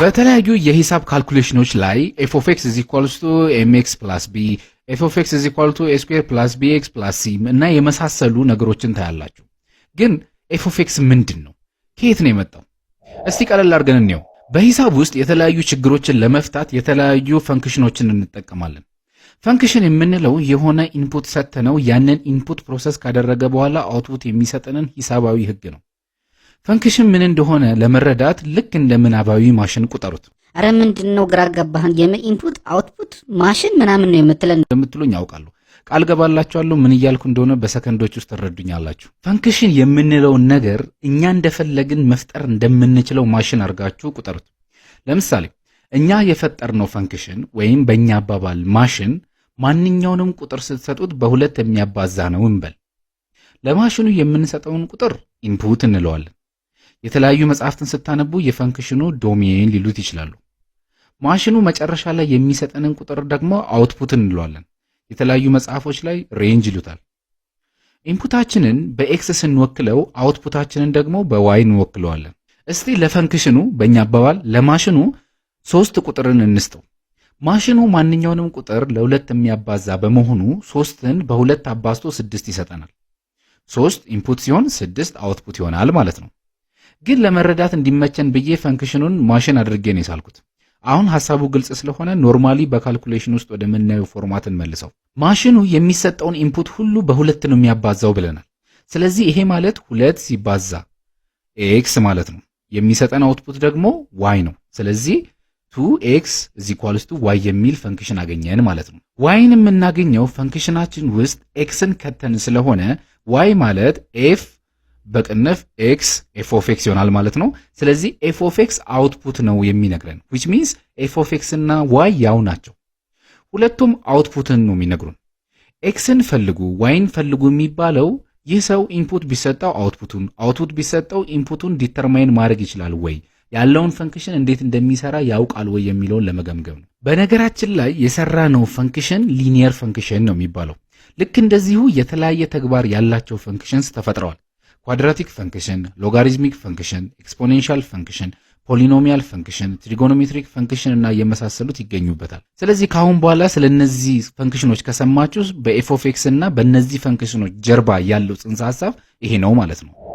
በተለያዩ የሂሳብ ካልኩሌሽኖች ላይ ኤፍ ኦፍ ኤክስ ኢዝ ቱ ኤም ኤክስ ፕላስ ቢ ኤፍ ኦፍ ኤክስ ኢዝ ኢኳል ቱ ኤ ስኩዌር ፕላስ ቢ ኤክስ ፕላስ ሲ እና የመሳሰሉ ነገሮችን ታያላችሁ። ግን ኤፍ ኦፍ ኤክስ ምንድን ነው? ከየት ነው የመጣው? እስቲ ቀለል አድርገን እንየው። በሂሳብ ውስጥ የተለያዩ ችግሮችን ለመፍታት የተለያዩ ፈንክሽኖችን እንጠቀማለን። ፈንክሽን የምንለው የሆነ ኢንፑት ሰጥተነው ያንን ኢንፑት ፕሮሰስ ካደረገ በኋላ አውትፑት የሚሰጠንን ሂሳባዊ ህግ ነው። ፈንክሽን ምን እንደሆነ ለመረዳት ልክ እንደ ምናባዊ ማሽን ቁጠሩት። አረ ምንድን ነው ግራ ገባህን? የምን ኢንፑት አውትፑት ማሽን ምናምን ነው የምትለን እንደምትሉኝ ያውቃለሁ። ቃል ገባላችኋለሁ። ምን እያልኩ እንደሆነ በሰከንዶች ውስጥ ትረዱኛላችሁ። ፈንክሽን የምንለውን ነገር እኛ እንደፈለግን መፍጠር እንደምንችለው ማሽን አድርጋችሁ ቁጠሩት። ለምሳሌ እኛ የፈጠርነው ፈንክሽን ወይም በእኛ አባባል ማሽን ማንኛውንም ቁጥር ስትሰጡት በሁለት የሚያባዛ ነው እንበል። ለማሽኑ የምንሰጠውን ቁጥር ኢንፑት እንለዋለን። የተለያዩ መጽሐፍትን ስታነቡ የፈንክሽኑ ዶሜን ሊሉት ይችላሉ። ማሽኑ መጨረሻ ላይ የሚሰጠንን ቁጥር ደግሞ አውትፑት እንለዋለን። የተለያዩ መጽሐፎች ላይ ሬንጅ ይሉታል። ኢንፑታችንን በኤክስ ስንወክለው አውትፑታችንን ደግሞ በዋይ እንወክለዋለን። እስቲ ለፈንክሽኑ በእኛ አባባል ለማሽኑ ሶስት ቁጥርን እንስጠው። ማሽኑ ማንኛውንም ቁጥር ለሁለት የሚያባዛ በመሆኑ ሶስትን በሁለት አባዝቶ ስድስት ይሰጠናል። ሶስት ኢንፑት ሲሆን ስድስት አውትፑት ይሆናል ማለት ነው። ግን ለመረዳት እንዲመቸን ብዬ ፈንክሽኑን ማሽን አድርጌ ነው የሳልኩት። አሁን ሀሳቡ ግልጽ ስለሆነ ኖርማሊ በካልኩሌሽን ውስጥ ወደምናየው ፎርማትን መልሰው ማሽኑ የሚሰጠውን ኢንፑት ሁሉ በሁለት ነው የሚያባዛው ብለናል። ስለዚህ ይሄ ማለት ሁለት ሲባዛ ኤክስ ማለት ነው። የሚሰጠን አውትፑት ደግሞ ዋይ ነው። ስለዚህ ቱ ኤክስ ኢኳልስ ቱ ዋይ የሚል ፈንክሽን አገኘን ማለት ነው። ዋይን የምናገኘው ፈንክሽናችን ውስጥ ኤክስን ከተን ስለሆነ ዋይ ማለት ኤፍ በቅንፍ ኤክስ ኤፍ ኦፍ ኤክስ ይሆናል ማለት ነው። ስለዚህ ኤፍ ኦፍ ኤክስ አውትፑት ነው የሚነግረን ዊች ሚንስ ኤፍ ኦፍ ኤክስ እና ዋይ ያው ናቸው። ሁለቱም አውትፑትን ነው የሚነግሩን። ኤክስን ፈልጉ ዋይን ፈልጉ የሚባለው ይህ ሰው ኢንፑት ቢሰጠው አውትፑቱን፣ አውትፑት ቢሰጠው ኢንፑቱን ዲተርማይን ማድረግ ይችላል ወይ ያለውን ፈንክሽን እንዴት እንደሚሰራ ያውቃል ወይ የሚለውን ለመገምገም ነው። በነገራችን ላይ የሰራ ነው ፈንክሽን ሊኒየር ፈንክሽን ነው የሚባለው። ልክ እንደዚሁ የተለያየ ተግባር ያላቸው ፈንክሽንስ ተፈጥረዋል። ኳድራቲክ ፈንክሽን፣ ሎጋሪዝሚክ ፈንክሽን፣ ኤክስፖኔንሻል ፈንክሽን፣ ፖሊኖሚያል ፈንክሽን፣ ትሪጎኖሜትሪክ ፈንክሽን እና የመሳሰሉት ይገኙበታል። ስለዚህ ከአሁን በኋላ ስለ እነዚህ ፈንክሽኖች ከሰማችሁ በኤፎፌክስ እና በእነዚህ ፈንክሽኖች ጀርባ ያለው ጽንሰ ሀሳብ ይሄ ነው ማለት ነው።